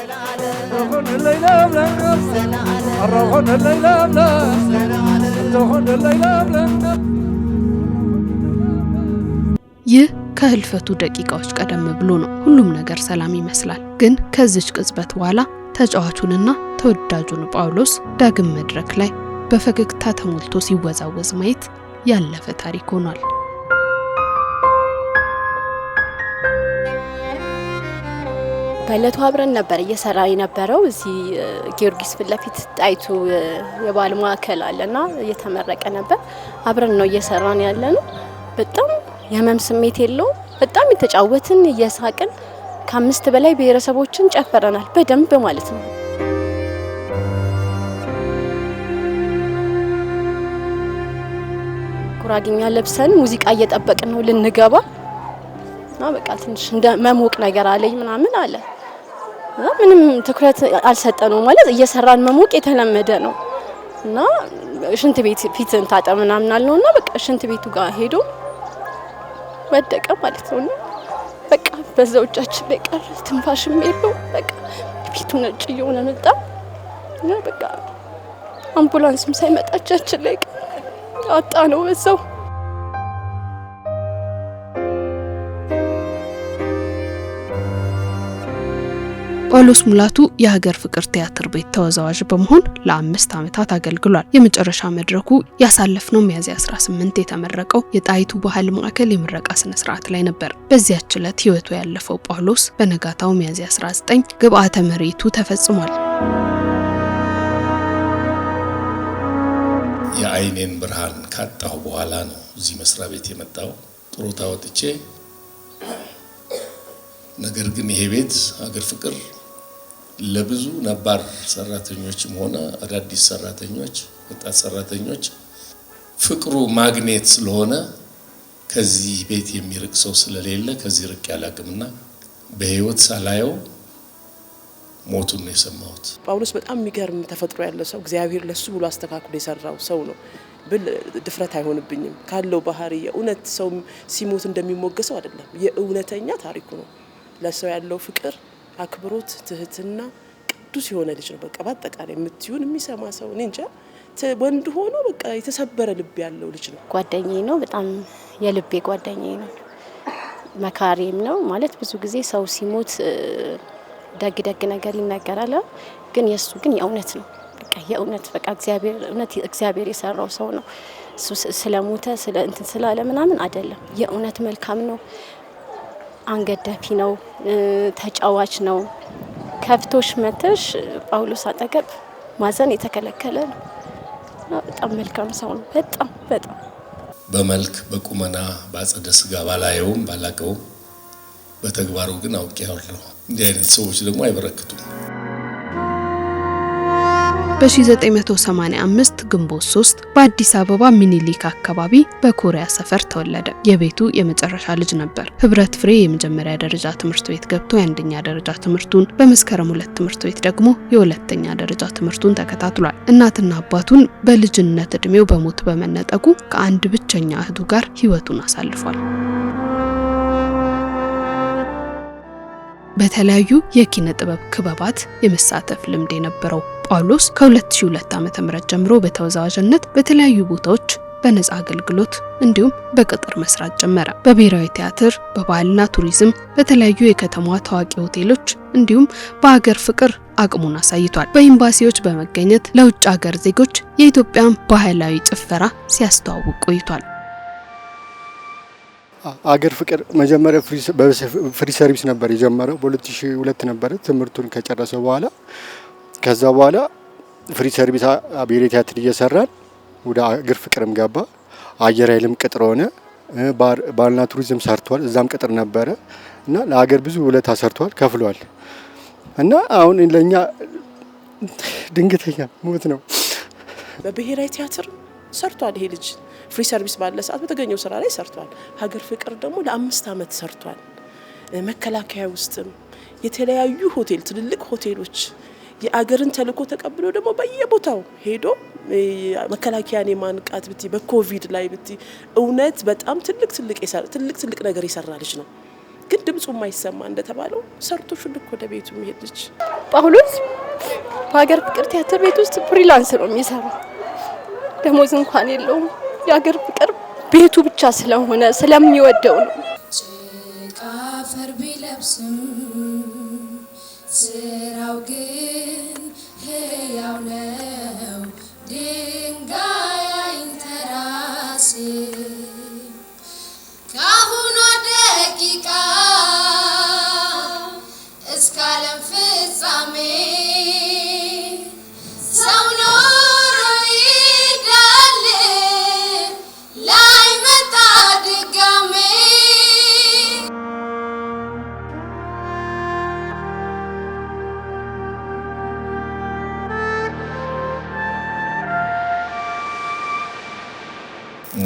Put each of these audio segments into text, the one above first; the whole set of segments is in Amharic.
ይህ ከህልፈቱ ደቂቃዎች ቀደም ብሎ ነው። ሁሉም ነገር ሰላም ይመስላል። ግን ከዚች ቅጽበት በኋላ ተጫዋቹንና ተወዳጁን ጳውሎስ ዳግም መድረክ ላይ በፈገግታ ተሞልቶ ሲወዛወዝ ማየት ያለፈ ታሪክ ሆኗል። በለቱ አብረን ነበር እየሰራ የነበረው እዚህ ጊዮርጊስ ፊት ለፊት ጣይቱ የባህል ማዕከል አለና እየተመረቀ ነበር። አብረን ነው እየሰራን ያለ ነው። በጣም የህመም ስሜት የለው። በጣም የተጫወትን እየሳቅን ከአምስት በላይ ብሔረሰቦችን ጨፈረናል በደንብ ማለት ነው። ጉራግኛ ለብሰን ሙዚቃ እየጠበቅን ነው ልንገባ እና በቃ ትንሽ እንደ መሞቅ ነገር አለኝ ምናምን አለ። ምንም ትኩረት አልሰጠነው ማለት እየሰራን መሞቅ የተለመደ ነው እና ሽንት ቤት ፊትን እንታጠብ ምናምን አልነው እና በቃ ሽንት ቤቱ ጋር ሄዶ ወደቀ ማለት ነው። በቃ በዛው እጃችን ላይ ቀረ፣ ትንፋሽም የለው በቃ ፊቱ ነጭ እየሆነ መጣ እና በቃ አምቡላንስም ሳይመጣ እጃችን ላይ አጣ ነው በዛው ጳውሎስ ሙላቱ የሀገር ፍቅር ቲያትር ቤት ተወዛዋዥ በመሆን ለአምስት ዓመታት አገልግሏል። የመጨረሻ መድረኩ ያሳለፍነው ሚያዝያ 18 የተመረቀው የጣይቱ ባህል ማዕከል የምረቃ ስነ ስርዓት ላይ ነበር። በዚያች ዕለት ህይወቱ ያለፈው ጳውሎስ በነጋታው ሚያዝያ 19 ግብአተ መሬቱ ተፈጽሟል። የአይኔን ብርሃን ካጣሁ በኋላ ነው እዚህ መስሪያ ቤት የመጣው ጥሩታ ወጥቼ ነገር ግን ይሄ ቤት ሀገር ፍቅር ለብዙ ነባር ሰራተኞችም ሆነ አዳዲስ ሰራተኞች፣ ወጣት ሰራተኞች ፍቅሩ ማግኔት ስለሆነ ከዚህ ቤት የሚርቅ ሰው ስለሌለ ከዚህ ርቅ ያላቅምና በህይወት ሳላየው ሞቱን ነው የሰማሁት። ጳውሎስ በጣም የሚገርም ተፈጥሮ ያለው ሰው እግዚአብሔር ለሱ ብሎ አስተካክሎ የሰራው ሰው ነው ብል ድፍረት አይሆንብኝም። ካለው ባህሪ የእውነት ሰው ሲሞት እንደሚሞገሰው አይደለም፣ የእውነተኛ ታሪኩ ነው ለሰው ያለው ፍቅር አክብሮት፣ ትህትና ቅዱስ የሆነ ልጅ ነው። በቃ በአጠቃላይ የምትዩን የሚሰማ ሰው እኔ እንጃ ወንድ ሆኖ በቃ የተሰበረ ልብ ያለው ልጅ ነው። ጓደኛዬ ነው። በጣም የልቤ ጓደኛዬ ነው። መካሪም ነው ማለት ብዙ ጊዜ ሰው ሲሞት ደግ ደግ ነገር ይነገራል፣ ግን የእሱ ግን የእውነት ነው። በቃ የእውነት በቃ እግዚአብሔር እውነት እግዚአብሔር የሰራው ሰው ነው። እሱ ስለሞተ ስለ እንትን ስላለ ምናምን አይደለም፣ የእውነት መልካም ነው። አንገደፊ ነው፣ ተጫዋች ነው። ከፍቶሽ መተሽ ጳውሎስ አጠገብ ማዘን የተከለከለ ነው። በጣም መልካም ሰው ነው። በጣም በጣም በመልክ በቁመና በአጸደ ስጋ ባላየውም ባላቀውም፣ በተግባሩ ግን አውቄዋለሁ። እንዲህ አይነት ሰዎች ደግሞ አይበረክቱም። በ1985 ግንቦት 3 በአዲስ አበባ ሚኒሊክ አካባቢ በኮሪያ ሰፈር ተወለደ። የቤቱ የመጨረሻ ልጅ ነበር። ህብረት ፍሬ የመጀመሪያ ደረጃ ትምህርት ቤት ገብቶ የአንደኛ ደረጃ ትምህርቱን፣ በመስከረም ሁለት ትምህርት ቤት ደግሞ የሁለተኛ ደረጃ ትምህርቱን ተከታትሏል። እናትና አባቱን በልጅነት እድሜው በሞት በመነጠቁ ከአንድ ብቸኛ እህቱ ጋር ህይወቱን አሳልፏል። በተለያዩ የኪነ ጥበብ ክበባት የመሳተፍ ልምድ የነበረው ጳውሎስ ከ2002 ዓ.ም ጀምሮ በተወዛዋዥነት በተለያዩ ቦታዎች በነፃ አገልግሎት እንዲሁም በቅጥር መስራት ጀመረ። በብሔራዊ ቲያትር፣ በባህልና ቱሪዝም፣ በተለያዩ የከተማዋ ታዋቂ ሆቴሎች እንዲሁም በሀገር ፍቅር አቅሙን አሳይቷል። በኤምባሲዎች በመገኘት ለውጭ ሀገር ዜጎች የኢትዮጵያን ባህላዊ ጭፈራ ሲያስተዋውቅ ቆይቷል። አገር ፍቅር መጀመሪያ ፍሪ ሰርቪስ ነበር የጀመረው። በ2002 ነበረ ትምህርቱን ከጨረሰ በኋላ ከዛ በኋላ ፍሪ ሰርቪስ ብሔራዊ ቲያትር እየሰራን ወደ አገር ፍቅርም ገባ። አየር ኃይልም ቅጥር ሆነ። ባልና ቱሪዝም ሰርቷል። እዛም ቅጥር ነበረ እና ለሀገር ብዙ ውለታ ሰርቷል፣ ከፍሏል። እና አሁን ለእኛ ድንገተኛ ሞት ነው። በብሔራዊ ቲያትር ሰርቷል ይሄ ልጅ ፍሪ ሰርቪስ ባለ ሰዓት በተገኘው ስራ ላይ ሰርቷል። ሀገር ፍቅር ደግሞ ለአምስት ዓመት ሰርቷል። መከላከያ ውስጥም የተለያዩ ሆቴል ትልልቅ ሆቴሎች የአገርን ተልዕኮ ተቀብሎ ደግሞ በየቦታው ሄዶ መከላከያን የማንቃት ብቲ በኮቪድ ላይ ብቲ እውነት በጣም ትልቅ ትልቅ ትልቅ ነገር የሰራ ልጅ ነው። ግን ድምፁ የማይሰማ እንደተባለው ሰርቶ ሽልክ ወደ ቤቱ የሚሄድ ልጅ ጳውሎስ በሀገር ፍቅር ቲያትር ቤት ውስጥ ፍሪላንስ ነው የሚሰራ ደሞዝ እንኳን የለውም። የሀገር ፍቅር ቤቱ ብቻ ስለሆነ ስለሚወደው ነው። ጭቃ አፈር ቢለብስም ስራው ግን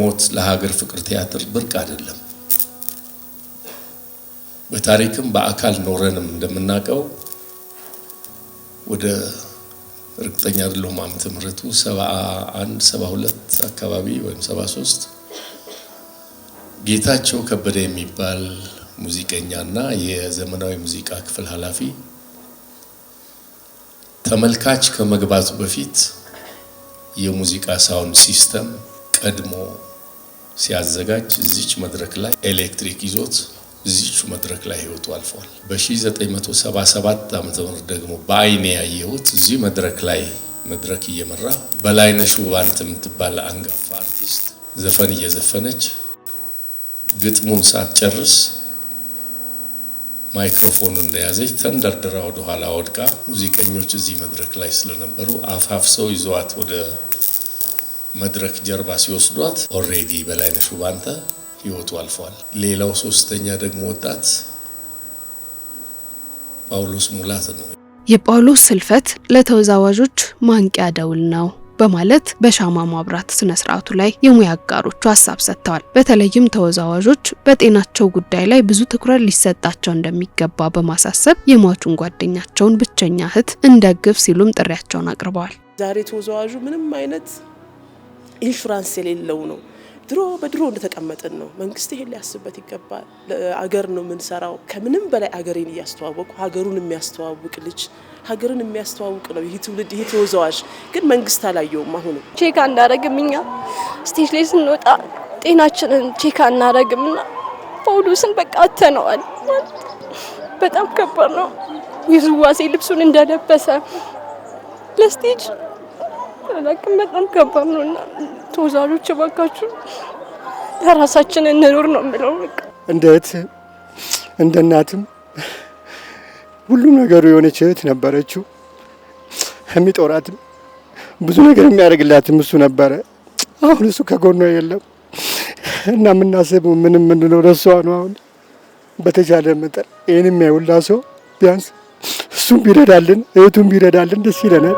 ሞት ለሀገር ፍቅር ቲያትር ብርቅ አይደለም። በታሪክም በአካል ኖረንም እንደምናውቀው ወደ እርግጠኛ አይደለሁም ዓመተ ምሕረቱ ሰባ አንድ ሰባ ሁለት አካባቢ ወይም ሰባ ሶስት ጌታቸው ከበደ የሚባል ሙዚቀኛ እና የዘመናዊ ሙዚቃ ክፍል ኃላፊ ተመልካች ከመግባቱ በፊት የሙዚቃ ሳውንድ ሲስተም ቀድሞ ሲያዘጋጅ እዚች መድረክ ላይ ኤሌክትሪክ ይዞት እዚች መድረክ ላይ ህይወቱ አልፏል። በ1977 ዓ ም ደግሞ በአይኔ ያየሁት እዚህ መድረክ ላይ መድረክ እየመራ በላይነሽ ውባንት የምትባል አንጋፋ አርቲስት ዘፈን እየዘፈነች ግጥሙን ሳትጨርስ ማይክሮፎኑ እንደያዘች ተንደርድራ ወደኋላ ወድቃ ሙዚቀኞች እዚህ መድረክ ላይ ስለነበሩ አፋፍሰው ይዘዋት ወደ መድረክ ጀርባ ሲወስዷት ኦሬዲ በላይነሽ ባንተ ህይወቱ አልፏል። ሌላው ሶስተኛ ደግሞ ወጣት ጳውሎስ ሙላት ነው። የጳውሎስ ስልፈት ለተወዛዋዦች ማንቂያ ደውል ነው በማለት በሻማ ማብራት ስነ ስርዓቱ ላይ የሙያ አጋሮቹ ሀሳብ ሰጥተዋል። በተለይም ተወዛዋዦች በጤናቸው ጉዳይ ላይ ብዙ ትኩረት ሊሰጣቸው እንደሚገባ በማሳሰብ የሟቹን ጓደኛቸውን ብቸኛ እህት እንደግፍ ሲሉም ጥሪያቸውን አቅርበዋል። ዛሬ ተወዛዋዡ ምንም አይነት ኢንሹራንስ የሌለው ነው። ድሮ በድሮ እንደተቀመጥን ነው። መንግስት ይሄን ሊያስብበት ይገባል። አገር ነው የምንሰራው። ከምንም በላይ አገሬን እያስተዋወቁ ሀገሩን የሚያስተዋውቅ ልጅ ሀገርን የሚያስተዋውቅ ነው ይህ ትውልድ ይህ ተወዛዋዥ ግን መንግስት አላየውም። አሁንም ቼክ አናረግም እኛ ስቴጅ ላይ ስንወጣ ጤናችንን ቼክ አናረግም ና ጳውሎስን በቃ አተነዋል። በጣም ከባድ ነው። የዝዋሴ ልብሱን እንደለበሰ ለስቴጅ አላውቅም። በጣም ከባድ ነው እና ተወዛጆች እባካችሁ ለራሳችን እንኖር ነው የምለው። እንደ እህት እንደ እናትም ሁሉም ነገሩ የሆነች እህት ነበረችው። የሚጦራትም ብዙ ነገር የሚያደርግላትም እሱ ነበረ። አሁን እሱ ከጎኗ የለም እና የምናስበው ምንም የምንለው ለእሷ ነው። አሁን በተቻለ መጠን ይህን የሚያውላ ሰው ቢያንስ እሱም ቢረዳልን እህቱም ቢረዳልን ደስ ይለናል።